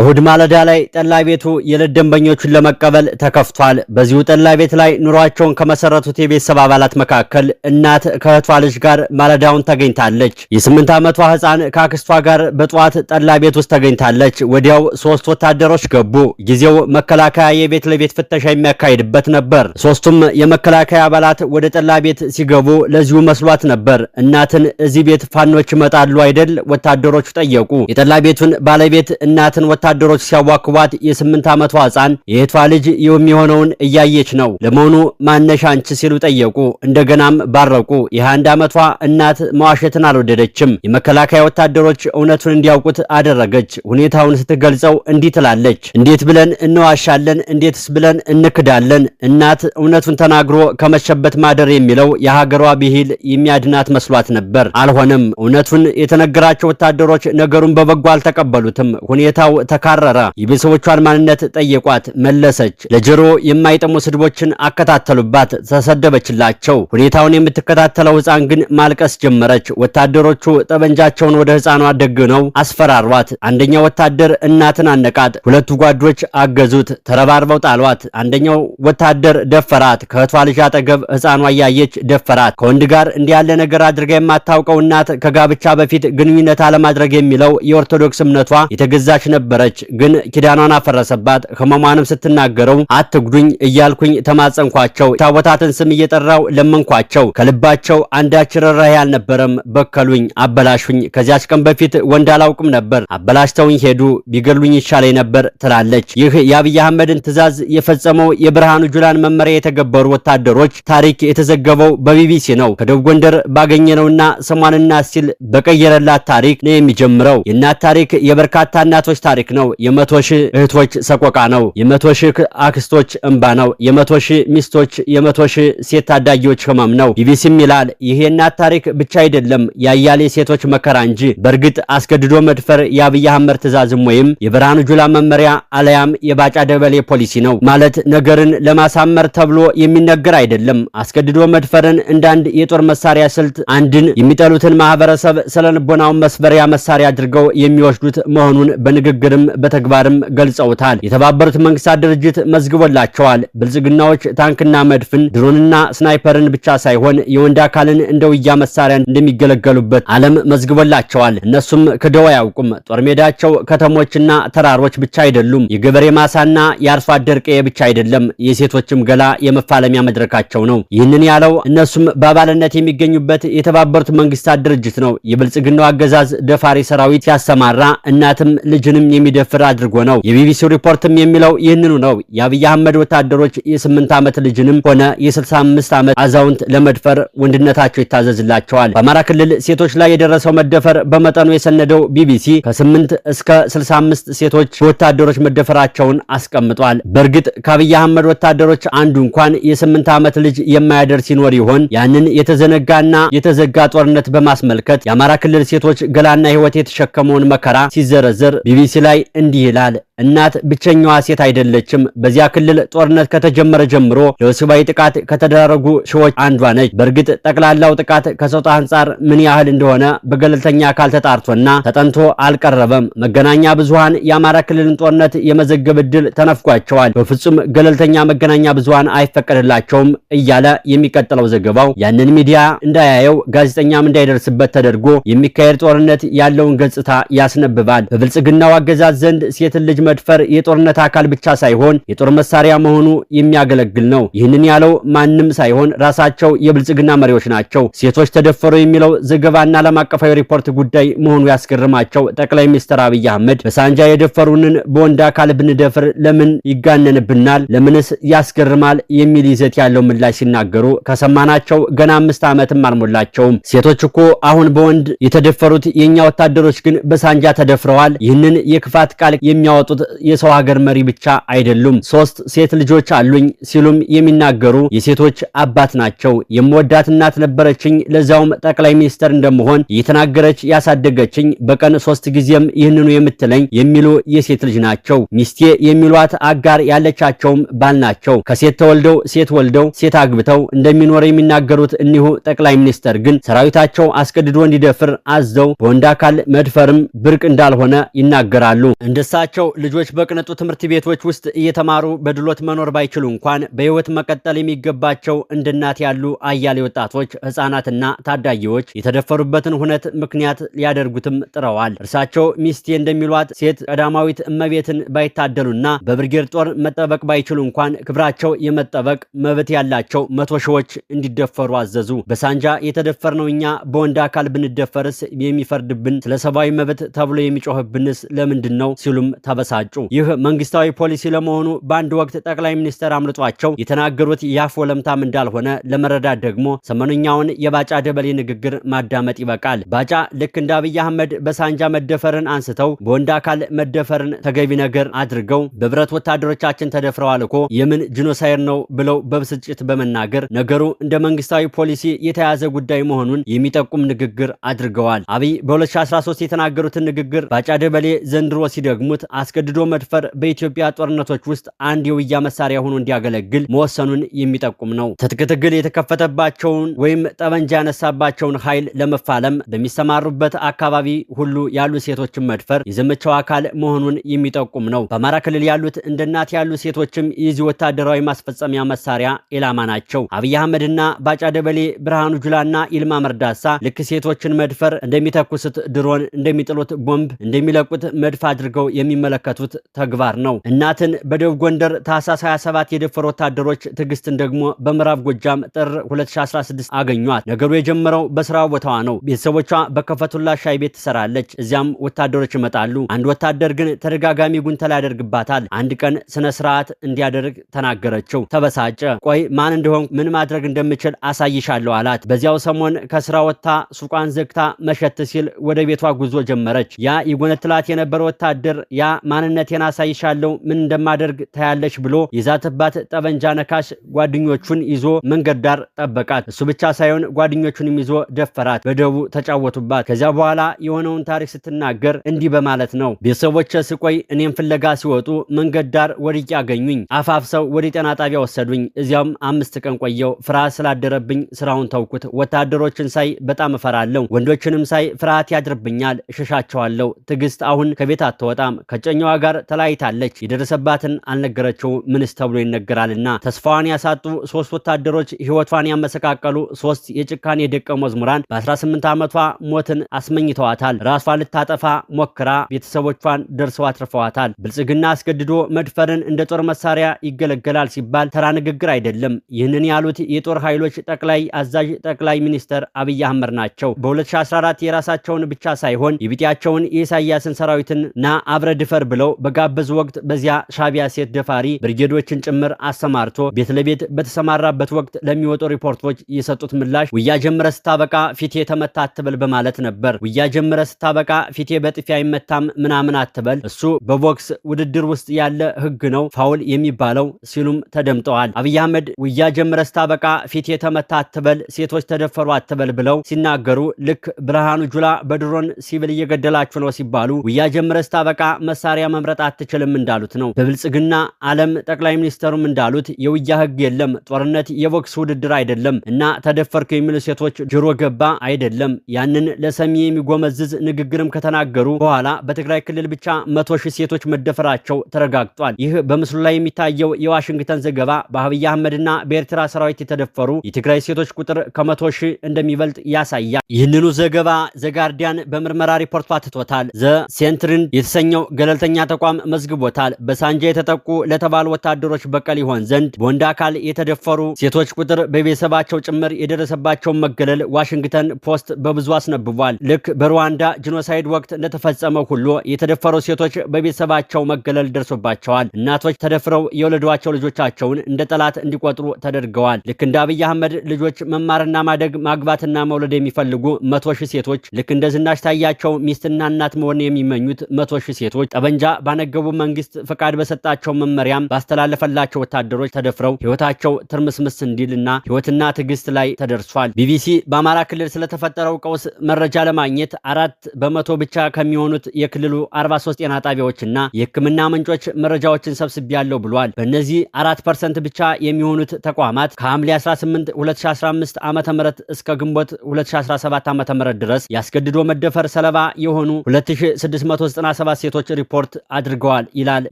እሁድ ማለዳ ላይ ጠላ ቤቱ የዕለት ደንበኞቹን ለመቀበል ተከፍቷል። በዚሁ ጠላ ቤት ላይ ኑሯቸውን ከመሰረቱት የቤተሰብ አባላት መካከል እናት ከእህቷ ልጅ ጋር ማለዳውን ተገኝታለች። የስምንት ዓመቷ ሕፃን ከአክስቷ ጋር በጠዋት ጠላ ቤት ውስጥ ተገኝታለች። ወዲያው ሶስት ወታደሮች ገቡ። ጊዜው መከላከያ የቤት ለቤት ፍተሻ የሚያካሂድበት ነበር። ሶስቱም የመከላከያ አባላት ወደ ጠላ ቤት ሲገቡ ለዚሁ መስሏት ነበር። እናትን እዚህ ቤት ፋኖች ይመጣሉ አይደል? ወታደሮቹ ጠየቁ። የጠላ ቤቱን ባለቤት እናትን ወታደሮች ሲያዋክቧት የስምንት ዓመቷ ህጻን የእህቷ ልጅ የሚሆነውን እያየች ነው። ለመሆኑ ማነሽ አንቺ ሲሉ ጠየቁ። እንደገናም ባረቁ የአንድ አመቷ ዓመቷ እናት መዋሸትን አልወደደችም። የመከላከያ ወታደሮች እውነቱን እንዲያውቁት አደረገች። ሁኔታውን ስትገልጸው እንዲህ ትላለች። እንዴት ብለን እንዋሻለን? እንዴትስ ብለን እንክዳለን? እናት እውነቱን ተናግሮ ከመሸበት ማደር የሚለው የሀገሯ ብሂል የሚያድናት መስሏት ነበር። አልሆነም። እውነቱን የተነገራቸው ወታደሮች ነገሩን በበጎ አልተቀበሉትም። ሁኔታው ተካረረ። የቤተሰቦቿን ማንነት ጠየቋት፣ መለሰች። ለጆሮ የማይጠሙ ስድቦችን አከታተሉባት፣ ተሰደበችላቸው። ሁኔታውን የምትከታተለው ህፃን ግን ማልቀስ ጀመረች። ወታደሮቹ ጠመንጃቸውን ወደ ህፃኗ ደግነው አስፈራሯት። አንደኛው ወታደር እናትን አነቃት፣ ሁለቱ ጓዶች አገዙት፣ ተረባርበው ጣሏት። አንደኛው ወታደር ደፈራት። ከእህቷ ልጅ አጠገብ ህፃኗ እያየች ደፈራት። ከወንድ ጋር እንዲህ ያለ ነገር አድርጋ የማታውቀው እናት ከጋብቻ በፊት ግንኙነት አለማድረግ የሚለው የኦርቶዶክስ እምነቷ የተገዛች ነበረ። ነበረች፣ ግን ኪዳኗን አፈረሰባት። ህመሟንም ስትናገረው አትጉዱኝ እያልኩኝ ተማጸንኳቸው። ታቦታትን ስም እየጠራው ለመንኳቸው። ከልባቸው አንዳች ርህራሄ አልነበረም። በከሉኝ፣ አበላሹኝ። ከዚያች ቀን በፊት ወንድ አላውቅም ነበር፣ አበላሽተውኝ ሄዱ። ቢገሉኝ ይሻለኝ ነበር ትላለች። ይህ የአብይ አህመድን ትዕዛዝ የፈጸመው የብርሃኑ ጁላን መመሪያ የተገበሩ ወታደሮች ታሪክ የተዘገበው በቢቢሲ ነው። ከደቡብ ጎንደር ባገኘነውና ሰሟንና ሲል በቀየረላት ታሪክ ነው የሚጀምረው። የእናት ታሪክ የበርካታ እናቶች ታሪክ ነው። የመቶ ሺህ እህቶች ሰቆቃ ነው። የመቶ ሺህ አክስቶች እንባ ነው። የመቶ ሺህ ሚስቶች፣ የመቶ ሺህ ሴት ታዳጊዎች ህመም ነው። ቢቢሲም ይላል ይሄ እናት ታሪክ ብቻ አይደለም ያያሌ ሴቶች መከራ እንጂ። በእርግጥ አስገድዶ መድፈር የአብይ አህመድ ትእዛዝም ወይም የብርሃኑ ጁላ መመሪያ አለያም የባጫ ደበሌ ፖሊሲ ነው ማለት ነገርን ለማሳመር ተብሎ የሚነገር አይደለም። አስገድዶ መድፈርን እንዳንድ የጦር መሳሪያ ስልት አንድን የሚጠሉትን ማህበረሰብ ስነ ልቦናውን መስበሪያ መሳሪያ አድርገው የሚወስዱት መሆኑን በንግግርም መሆኑንም በተግባርም ገልጸውታል። የተባበሩት መንግስታት ድርጅት መዝግቦላቸዋል። ብልጽግናዎች ታንክና መድፍን፣ ድሮንና ስናይፐርን ብቻ ሳይሆን የወንድ አካልን እንደ ውያ መሳሪያን እንደሚገለገሉበት ዓለም መዝግቦላቸዋል። እነሱም ክደው አያውቁም። ጦር ሜዳቸው ከተሞችና ተራሮች ብቻ አይደሉም። የገበሬ ማሳና የአርሶ አደር ቀዬ ብቻ አይደለም። የሴቶችም ገላ የመፋለሚያ መድረካቸው ነው። ይህንን ያለው እነሱም በአባልነት የሚገኙበት የተባበሩት መንግስታት ድርጅት ነው። የብልጽግናው አገዛዝ ደፋሪ ሰራዊት ሲያሰማራ እናትም ልጅንም የሚ የሚደፍር አድርጎ ነው። የቢቢሲው ሪፖርትም የሚለው ይህንኑ ነው። የአብይ አህመድ ወታደሮች የስምንት ዓመት ልጅንም ሆነ የ65 ዓመት አዛውንት ለመድፈር ወንድነታቸው ይታዘዝላቸዋል። በአማራ ክልል ሴቶች ላይ የደረሰው መደፈር በመጠኑ የሰነደው ቢቢሲ ከ8 እስከ 65 ሴቶች በወታደሮች መደፈራቸውን አስቀምጧል። በእርግጥ ከአብይ አህመድ ወታደሮች አንዱ እንኳን የስምንት ዓመት ልጅ የማያደር ሲኖር ይሆን? ያንን የተዘነጋና የተዘጋ ጦርነት በማስመልከት የአማራ ክልል ሴቶች ገላና ሕይወት የተሸከመውን መከራ ሲዘረዘር ቢቢሲ ላይ ላይ እንዲህ ይላል እናት ብቸኛዋ ሴት አይደለችም። በዚያ ክልል ጦርነት ከተጀመረ ጀምሮ ለወሲባዊ ጥቃት ከተደረጉ ሺዎች አንዷ ነች። በእርግጥ ጠቅላላው ጥቃት ከጾታ አንጻር ምን ያህል እንደሆነ በገለልተኛ አካል ተጣርቶና ተጠንቶ አልቀረበም። መገናኛ ብዙሃን የአማራ ክልልን ጦርነት የመዘገብ እድል ተነፍጓቸዋል፣ በፍጹም ገለልተኛ መገናኛ ብዙሃን አይፈቀድላቸውም እያለ የሚቀጥለው ዘገባው ያንን ሚዲያ እንዳያየው ጋዜጠኛም እንዳይደርስበት ተደርጎ የሚካሄድ ጦርነት ያለውን ገጽታ ያስነብባል። በብልጽግናው አገዛዝ ዘንድ ሴትን ልጅ መድፈር የጦርነት አካል ብቻ ሳይሆን የጦር መሳሪያ መሆኑ የሚያገለግል ነው። ይህንን ያለው ማንም ሳይሆን ራሳቸው የብልጽግና መሪዎች ናቸው። ሴቶች ተደፈሩ የሚለው ዘገባና ዓለም አቀፋዊ ሪፖርት ጉዳይ መሆኑ ያስገርማቸው ጠቅላይ ሚኒስትር አብይ አህመድ በሳንጃ የደፈሩንን በወንድ አካል ብንደፍር ለምን ይጋነንብናል? ለምንስ ያስገርማል? የሚል ይዘት ያለው ምላሽ ሲናገሩ ከሰማናቸው ገና አምስት ዓመትም አልሞላቸውም። ሴቶች እኮ አሁን በወንድ የተደፈሩት የእኛ ወታደሮች ግን በሳንጃ ተደፍረዋል። ይህንን የክፋት ቃል የሚያወጡ ያጡት የሰው ሀገር መሪ ብቻ አይደሉም፣ ሶስት ሴት ልጆች አሉኝ ሲሉም የሚናገሩ የሴቶች አባት ናቸው። የምወዳት እናት ነበረችኝ፣ ለዚያውም ጠቅላይ ሚኒስተር እንደመሆን እየተናገረች ያሳደገችኝ፣ በቀን ሶስት ጊዜም ይህንኑ የምትለኝ የሚሉ የሴት ልጅ ናቸው። ሚስቴ የሚሏት አጋር ያለቻቸውም ባል ናቸው። ከሴት ተወልደው ሴት ወልደው ሴት አግብተው እንደሚኖር የሚናገሩት እኒሁ ጠቅላይ ሚኒስተር ግን ሰራዊታቸው አስገድዶ እንዲደፍር አዘው በወንድ አካል መድፈርም ብርቅ እንዳልሆነ ይናገራሉ። እንደሳቸው ልጆች በቅንጡ ትምህርት ቤቶች ውስጥ እየተማሩ በድሎት መኖር ባይችሉ እንኳን በህይወት መቀጠል የሚገባቸው እንድናት ያሉ አያሌ ወጣቶች፣ ህጻናትና ታዳጊዎች የተደፈሩበትን ሁነት ምክንያት ሊያደርጉትም ጥረዋል። እርሳቸው ሚስቴ እንደሚሏት ሴት ቀዳማዊት እመቤትን ባይታደሉና በብርጌድ ጦር መጠበቅ ባይችሉ እንኳን ክብራቸው የመጠበቅ መብት ያላቸው መቶ ሺዎች እንዲደፈሩ አዘዙ። በሳንጃ የተደፈርነው እኛ በወንድ አካል ብንደፈርስ የሚፈርድብን ስለ ሰብአዊ መብት ተብሎ የሚጮህብንስ ለምንድን ነው ሲሉም ተበሳ ተበሳጩ። ይህ መንግስታዊ ፖሊሲ ለመሆኑ በአንድ ወቅት ጠቅላይ ሚኒስትር አምልጧቸው የተናገሩት የአፍ ወለምታም እንዳልሆነ ለመረዳት ደግሞ ሰሞንኛውን የባጫ ደበሌ ንግግር ማዳመጥ ይበቃል። ባጫ ልክ እንደ አብይ አህመድ በሳንጃ መደፈርን አንስተው በወንድ አካል መደፈርን ተገቢ ነገር አድርገው በብረት ወታደሮቻችን ተደፍረዋል እኮ የምን ጂኖሳይድ ነው ብለው በብስጭት በመናገር ነገሩ እንደ መንግስታዊ ፖሊሲ የተያዘ ጉዳይ መሆኑን የሚጠቁም ንግግር አድርገዋል። አብይ በ2013 የተናገሩትን ንግግር ባጫ ደበሌ ዘንድሮ ሲደግሙት አስገ አስገድዶ መድፈር በኢትዮጵያ ጦርነቶች ውስጥ አንድ የውያ መሳሪያ ሆኖ እንዲያገለግል መወሰኑን የሚጠቁም ነው። ትጥቅ ትግል የተከፈተባቸውን ወይም ጠመንጃ ያነሳባቸውን ኃይል ለመፋለም በሚሰማሩበት አካባቢ ሁሉ ያሉ ሴቶችን መድፈር የዘመቻው አካል መሆኑን የሚጠቁም ነው። በአማራ ክልል ያሉት እንደ እናት ያሉ ሴቶችም የዚህ ወታደራዊ ማስፈጸሚያ መሳሪያ ኢላማ ናቸው። አብይ አህመድና ባጫ ደበሌ፣ ብርሃኑ ጁላና ይልማ መርዳሳ ልክ ሴቶችን መድፈር እንደሚተኩሱት ድሮን፣ እንደሚጥሉት ቦምብ፣ እንደሚለቁት መድፍ አድርገው የሚመለከቱ የተመለከቱት ተግባር ነው። እናትን በደቡብ ጎንደር ታህሳስ 27 የደፈሩ ወታደሮች ትዕግስትን ደግሞ በምዕራብ ጎጃም ጥር 2016 አገኟት። ነገሩ የጀመረው በስራ ቦታዋ ነው። ቤተሰቦቿ በከፈቱላ ሻይ ቤት ትሰራለች። እዚያም ወታደሮች ይመጣሉ። አንድ ወታደር ግን ተደጋጋሚ ጉንተላ ያደርግባታል። አንድ ቀን ስነ ስርዓት እንዲያደርግ ተናገረችው። ተበሳጨ። ቆይ ማን እንደሆን ምን ማድረግ እንደምችል አሳይሻለሁ አላት። በዚያው ሰሞን ከስራ ወጥታ ሱቋን ዘግታ መሸት ሲል ወደ ቤቷ ጉዞ ጀመረች። ያ ይጎነትላት የነበረ ወታደር ያ ማን ማንነቴን አሳይሻለሁ፣ ምን እንደማደርግ ታያለሽ ብሎ የዛተባት ጠበንጃ ነካሽ ጓደኞቹን ይዞ መንገድ ዳር ጠበቃት። እሱ ብቻ ሳይሆን ጓደኞቹንም ይዞ ደፈራት። በደቡ ተጫወቱባት። ከዚያ በኋላ የሆነውን ታሪክ ስትናገር እንዲህ በማለት ነው። ቤተሰቦች ስቆይ እኔም ፍለጋ ሲወጡ መንገድ ዳር ወድቄ አገኙኝ። አፋፍሰው ወደ ጤና ጣቢያ ወሰዱኝ። እዚያም አምስት ቀን ቆየው። ፍርሃት ስላደረብኝ ስራውን ተውኩት። ወታደሮችን ሳይ በጣም እፈራለሁ። ወንዶችንም ሳይ ፍርሃት ያድርብኛል፣ እሸሻቸዋለሁ። ትዕግስት አሁን ከቤት አትወጣም። ከጨኛዋ ጋር ተለያይታለች። የደረሰባትን አልነገረችው ምንስ ተብሎ ይነገራልና ተስፋዋን ያሳጡ ሶስት ወታደሮች ህይወቷን ያመሰቃቀሉ ሶስት የጭካኔ የደቀ መዝሙራን በ18 ዓመቷ ሞትን አስመኝተዋታል። ራሷን ልታጠፋ ሞክራ ቤተሰቦቿን ደርሰው አትርፈዋታል። ብልጽግና አስገድዶ መድፈርን እንደ ጦር መሳሪያ ይገለገላል ሲባል ተራ ንግግር አይደለም። ይህንን ያሉት የጦር ኃይሎች ጠቅላይ አዛዥ ጠቅላይ ሚኒስትር አብይ አህመድ ናቸው። በ2014 የራሳቸውን ብቻ ሳይሆን የቢጤያቸውን የኢሳያስን ሰራዊትን ና አብረ ድፈር ብለው በጋበዙ ወቅት በዚያ ሻቢያ ሴት ደፋሪ ብርጌዶችን ጭምር አሰማርቶ ቤት ለቤት በተሰማራበት ወቅት ለሚወጡ ሪፖርቶች የሰጡት ምላሽ ውያ ጀምረ ስታበቃ ፊቴ ተመታ አትበል በማለት ነበር። ውያ ጀምረ ስታበቃ ፊቴ በጥፊ አይመታም ምናምን አትበል፣ እሱ በቦክስ ውድድር ውስጥ ያለ ህግ ነው ፋውል የሚባለው ሲሉም ተደምጠዋል። አብይ አህመድ ውያ ጀምረ ስታበቃ ፊቴ ተመታ አትበል፣ ሴቶች ተደፈሩ አትበል ብለው ሲናገሩ ልክ ብርሃኑ ጁላ በድሮን ሲቪል እየገደላችሁ ነው ሲባሉ ውያ ጀምረ ስታበቃ መሳሪያ መሳሪያ መምረጥ አትችልም እንዳሉት ነው። በብልጽግና ዓለም ጠቅላይ ሚኒስተሩም እንዳሉት የውያ ህግ የለም፣ ጦርነት የቦክስ ውድድር አይደለም እና ተደፈርክ የሚሉ ሴቶች ጆሮ ገባ አይደለም። ያንን ለሰሚ የሚጎመዝዝ ንግግርም ከተናገሩ በኋላ በትግራይ ክልል ብቻ መቶ ሺህ ሴቶች መደፈራቸው ተረጋግጧል። ይህ በምስሉ ላይ የሚታየው የዋሽንግተን ዘገባ በአብይ አህመድና በኤርትራ ሰራዊት የተደፈሩ የትግራይ ሴቶች ቁጥር ከመቶ ሺህ እንደሚበልጥ ያሳያል። ይህንኑ ዘገባ ዘጋርዲያን በምርመራ ሪፖርቱ አትቶታል። ዘ ሴንትሪን የተሰኘው ገለልተኛ ከፍተኛ ተቋም መዝግቦታል። በሳንጃ የተጠቁ ለተባሉ ወታደሮች በቀል ይሆን ዘንድ በወንድ አካል የተደፈሩ ሴቶች ቁጥር በቤተሰባቸው ጭምር የደረሰባቸውን መገለል ዋሽንግተን ፖስት በብዙ አስነብቧል። ልክ በሩዋንዳ ጂኖሳይድ ወቅት እንደተፈጸመ ሁሉ የተደፈሩ ሴቶች በቤተሰባቸው መገለል ደርሶባቸዋል። እናቶች ተደፍረው የወለዷቸው ልጆቻቸውን እንደ ጠላት እንዲቆጥሩ ተደርገዋል። ልክ እንደ አብይ አህመድ ልጆች መማርና ማደግ ማግባትና መውለድ የሚፈልጉ መቶ ሺህ ሴቶች ልክ እንደ ዝናሽ ታያቸው ሚስትና እናት መሆን የሚመኙት መቶ ሺህ ሴቶች ጠበንጃ ጠመንጃ ባነገቡ መንግስት ፈቃድ በሰጣቸው መመሪያም ባስተላለፈላቸው ወታደሮች ተደፍረው ህይወታቸው ትርምስምስ እንዲልና ህይወትና ትዕግስት ላይ ተደርሷል። ቢቢሲ በአማራ ክልል ስለተፈጠረው ቀውስ መረጃ ለማግኘት አራት በመቶ ብቻ ከሚሆኑት የክልሉ 43 ጤና ጣቢያዎችና የህክምና ምንጮች መረጃዎችን ሰብስቤያለሁ ብሏል። በእነዚህ አራት ፐርሰንት ብቻ የሚሆኑት ተቋማት ከሐምሌ 18 2015 ዓ ም እስከ ግንቦት 2017 ዓ ም ድረስ ያስገድዶ መደፈር ሰለባ የሆኑ 2697 ሴቶች ሪፖርት ሪፖርት አድርገዋል ይላል።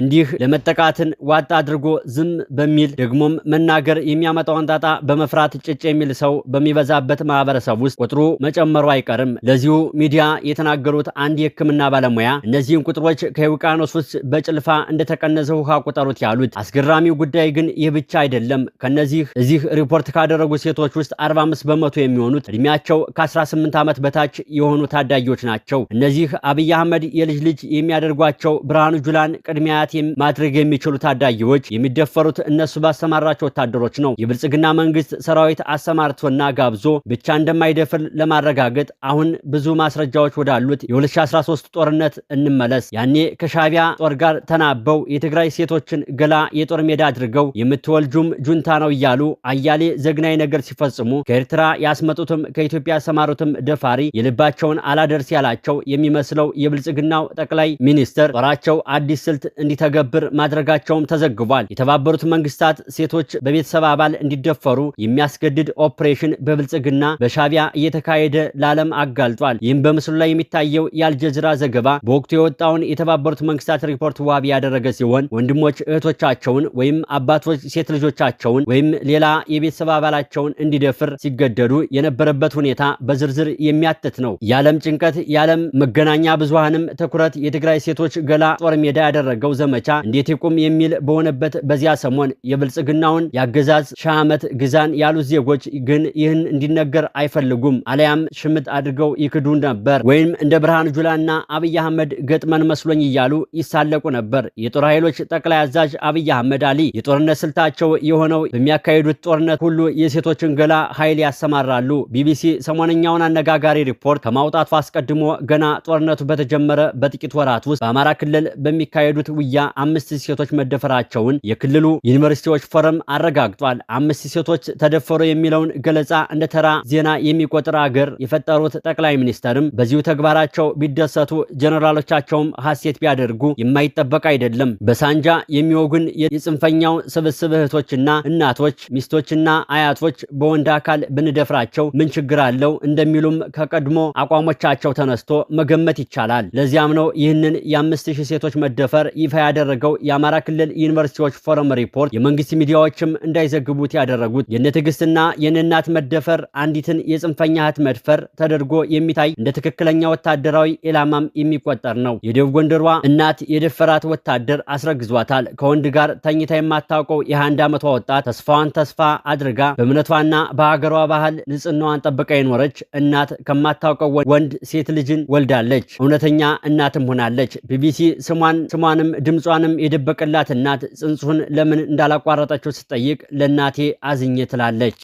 እንዲህ ለመጠቃትን ዋጥ አድርጎ ዝም በሚል ደግሞም መናገር የሚያመጣውን ጣጣ በመፍራት ጭጭ የሚል ሰው በሚበዛበት ማህበረሰብ ውስጥ ቁጥሩ መጨመሩ አይቀርም። ለዚሁ ሚዲያ የተናገሩት አንድ የህክምና ባለሙያ እነዚህን ቁጥሮች ከውቅያኖስ ውስጥ በጭልፋ እንደተቀነሰ ውሃ ቁጠሩት ያሉት፣ አስገራሚው ጉዳይ ግን ይህ ብቻ አይደለም። ከነዚህ እዚህ ሪፖርት ካደረጉ ሴቶች ውስጥ 45 በመቶ የሚሆኑት እድሜያቸው ከ18 ዓመት በታች የሆኑ ታዳጊዎች ናቸው። እነዚህ አብይ አህመድ የልጅ ልጅ የሚያደርጓቸው ብርሃኑ ጁላን ቅድሚያት ማድረግ የሚችሉ ታዳጊዎች የሚደፈሩት እነሱ ባሰማራቸው ወታደሮች ነው። የብልጽግና መንግስት ሰራዊት አሰማርቶና ጋብዞ ብቻ እንደማይደፍር ለማረጋገጥ አሁን ብዙ ማስረጃዎች ወዳሉት የ2013 ጦርነት እንመለስ። ያኔ ከሻቢያ ጦር ጋር ተናበው የትግራይ ሴቶችን ገላ የጦር ሜዳ አድርገው የምትወልጁም ጁንታ ነው እያሉ አያሌ ዘግናይ ነገር ሲፈጽሙ ከኤርትራ ያስመጡትም ከኢትዮጵያ ያሰማሩትም ደፋሪ የልባቸውን አላደርስ ያላቸው የሚመስለው የብልጽግናው ጠቅላይ ሚኒስትር ጦራ ሀገራቸው አዲስ ስልት እንዲተገብር ማድረጋቸውም ተዘግቧል። የተባበሩት መንግስታት ሴቶች በቤተሰብ አባል እንዲደፈሩ የሚያስገድድ ኦፕሬሽን በብልጽግና በሻቢያ እየተካሄደ ለዓለም አጋልጧል። ይህም በምስሉ ላይ የሚታየው የአልጀዚራ ዘገባ በወቅቱ የወጣውን የተባበሩት መንግስታት ሪፖርት ዋቢ ያደረገ ሲሆን ወንድሞች እህቶቻቸውን ወይም አባቶች ሴት ልጆቻቸውን ወይም ሌላ የቤተሰብ አባላቸውን እንዲደፍር ሲገደዱ የነበረበት ሁኔታ በዝርዝር የሚያትት ነው። የዓለም ጭንቀት፣ የዓለም መገናኛ ብዙሃንም ትኩረት የትግራይ ሴቶች ገላ ጦር ሜዳ ያደረገው ዘመቻ እንዴት ይቁም የሚል በሆነበት በዚያ ሰሞን የብልጽግናውን የአገዛዝ ሺህ ዓመት ግዛን ያሉት ዜጎች ግን ይህን እንዲነገር አይፈልጉም፣ አለያም ሽምጥ አድርገው ይክዱ ነበር፣ ወይም እንደ ብርሃን ጁላና አብይ አህመድ ገጥመን መስሎኝ እያሉ ይሳለቁ ነበር። የጦር ኃይሎች ጠቅላይ አዛዥ አብይ አህመድ አሊ የጦርነት ስልታቸው የሆነው በሚያካሂዱት ጦርነት ሁሉ የሴቶችን ገላ ኃይል ያሰማራሉ። ቢቢሲ ሰሞነኛውን አነጋጋሪ ሪፖርት ከማውጣቱ አስቀድሞ ገና ጦርነቱ በተጀመረ በጥቂት ወራት ውስጥ በአማራ ክልል ክልል በሚካሄዱት ውያ አምስት ሴቶች መደፈራቸውን የክልሉ ዩኒቨርሲቲዎች ፎረም አረጋግጧል። አምስት ሴቶች ተደፈሩ የሚለውን ገለጻ እንደ ተራ ዜና የሚቆጥር አገር የፈጠሩት ጠቅላይ ሚኒስተርም በዚሁ ተግባራቸው ቢደሰቱ ጀኔራሎቻቸውም ሐሴት ቢያደርጉ የማይጠበቅ አይደለም። በሳንጃ የሚወጉን የጽንፈኛው ስብስብ እህቶችና እናቶች፣ ሚስቶችና አያቶች በወንድ አካል ብንደፍራቸው ምን ችግር አለው እንደሚሉም ከቀድሞ አቋሞቻቸው ተነስቶ መገመት ይቻላል። ለዚያም ነው ይህንን የአምስት ሺህ ሴቶች መደፈር ይፋ ያደረገው የአማራ ክልል ዩኒቨርሲቲዎች ፎረም ሪፖርት የመንግስት ሚዲያዎችም እንዳይዘግቡት ያደረጉት የነ ትዕግስትና የነ እናት መደፈር አንዲትን የጽንፈኛ እህት መድፈር ተደርጎ የሚታይ እንደ ትክክለኛ ወታደራዊ ኢላማም የሚቆጠር ነው። የደቡብ ጎንደሯ እናት የደፈራት ወታደር አስረግዟታል። ከወንድ ጋር ተኝታ የማታውቀው የአንድ ዓመቷ ወጣት ተስፋዋን ተስፋ አድርጋ በእምነቷና በሀገሯ ባህል ንጽህናዋን ጠብቃ የኖረች እናት ከማታውቀው ወንድ ሴት ልጅን ወልዳለች። እውነተኛ እናትም ሆናለች። ቢቢሲ ስሟን ስሟንም ድምጿንም የደበቀላት እናት ጽንሱን ለምን እንዳላቋረጠችው ስትጠይቅ ለእናቴ አዝኜ ትላለች።